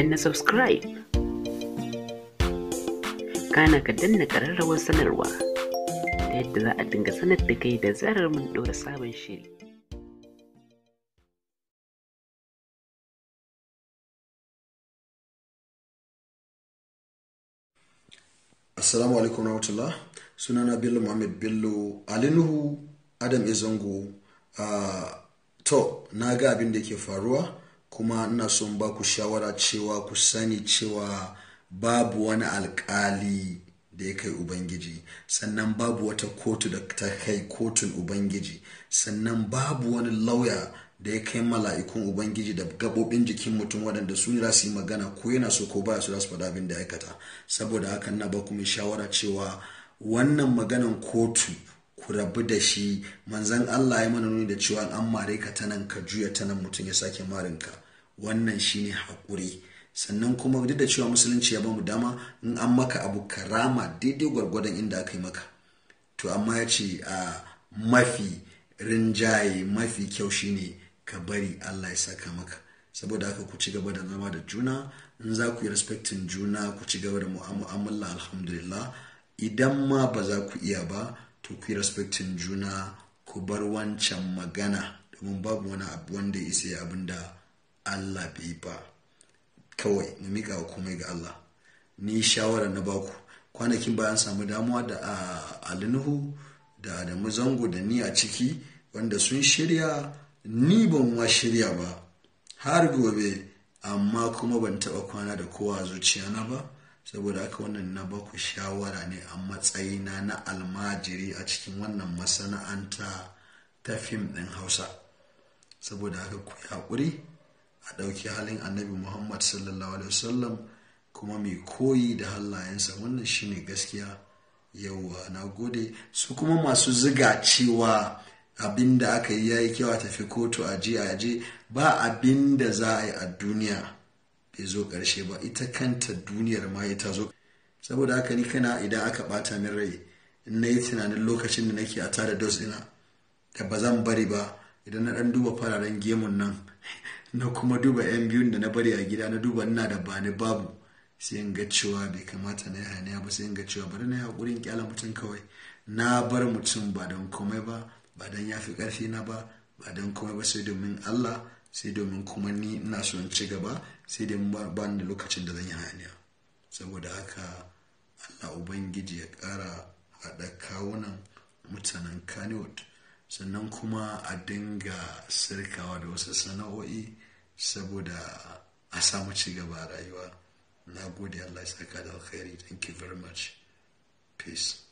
danna subscribe kana ka danna ƙararrawar sanarwa ta yadda za a dinga sanar da kai da zarar mun ɗora sabon shiri assalamu alaikum rahmatullah sunana bello muhammad bello alinuhu adam izango uh, ah, to na ga abin da ke faruwa kuma ina son ba ku shawara cewa ku sani cewa babu wani alkali da ya kai ubangiji sannan babu wata kotu da ta kai kotun ubangiji sannan babu wani lauya da ya kai mala'ikun ubangiji da gabobin jikin mutum waɗanda su za su yi magana ko yana so ko baya su za su faɗa abin da aikata saboda haka na ba ku mai shawara cewa wannan maganan kotu ku rabu da shi manzan Allah ya mana nuni da cewa an mare ka ta nan ka juya ta nan mutum ya sake marinka wannan shine haƙuri sannan kuma duk da cewa musulunci ya bamu dama in an maka abu karama daidai gwargwadon inda aka yi maka to amma ya ce a mafi rinjaye mafi kyau shine ka bari Allah ya saka maka saboda haka ku ci gaba da zama da juna in za ku yi respectin juna ku ci gaba da mu'amala alhamdulillah idan ma ba za ku iya ba to ku respectin juna ku bar wancan magana domin babu wani abu wanda ya isa abin da Allah bai yi ba kawai na miƙa komai ga Allah ni shawara na baku kwanakin bayan samu damuwa da alinuhu da adamu zango da ni a ciki wanda sun shirya ni ban wa shirya ba har gobe amma kuma ban taɓa kwana da kowa zuciya na ba saboda haka wannan na baku shawara ne a matsayina na almajiri a cikin wannan masana'anta ta fim ɗin hausa saboda aka ku yi haƙuri a ɗauki halin annabi muhammad sallallahu alaihi wasallam kuma mai koyi da halayensa wannan shine gaskiya yauwa na gode su kuma masu ziga cewa abinda da aka yi ya yi kyau a tafi kotu a ji a ji ba abinda da za a yi a duniya bai zo ƙarshe ba ita kanta duniyar ma ta zo saboda haka ni kana idan aka bata min rai in na yi tunanin lokacin da nake a tare dos ina da ba zan bari ba idan na ɗan duba fararen gemun nan na kuma duba yan biyun da na bari a gida na duba ina da ba ni babu sai in ga cewa bai kamata na yi hanya ba sai in ga cewa bari na yi hakurin kyala mutum kawai na bar mutum ba don komai ba ba don ya fi ƙarfi na ba ba don komai ba sai domin allah sai domin kuma ni ina son in ci gaba sai dai ba ni da lokacin da zan yi hayaniya saboda haka allah ubangiji ya kara haɗa kawunan mutanen kaniwood sannan kuma a dinga sirkawa da wasu sana'o'i saboda a samu ci gaba a rayuwa na gode allah ya saka da alkhairi thank you very much peace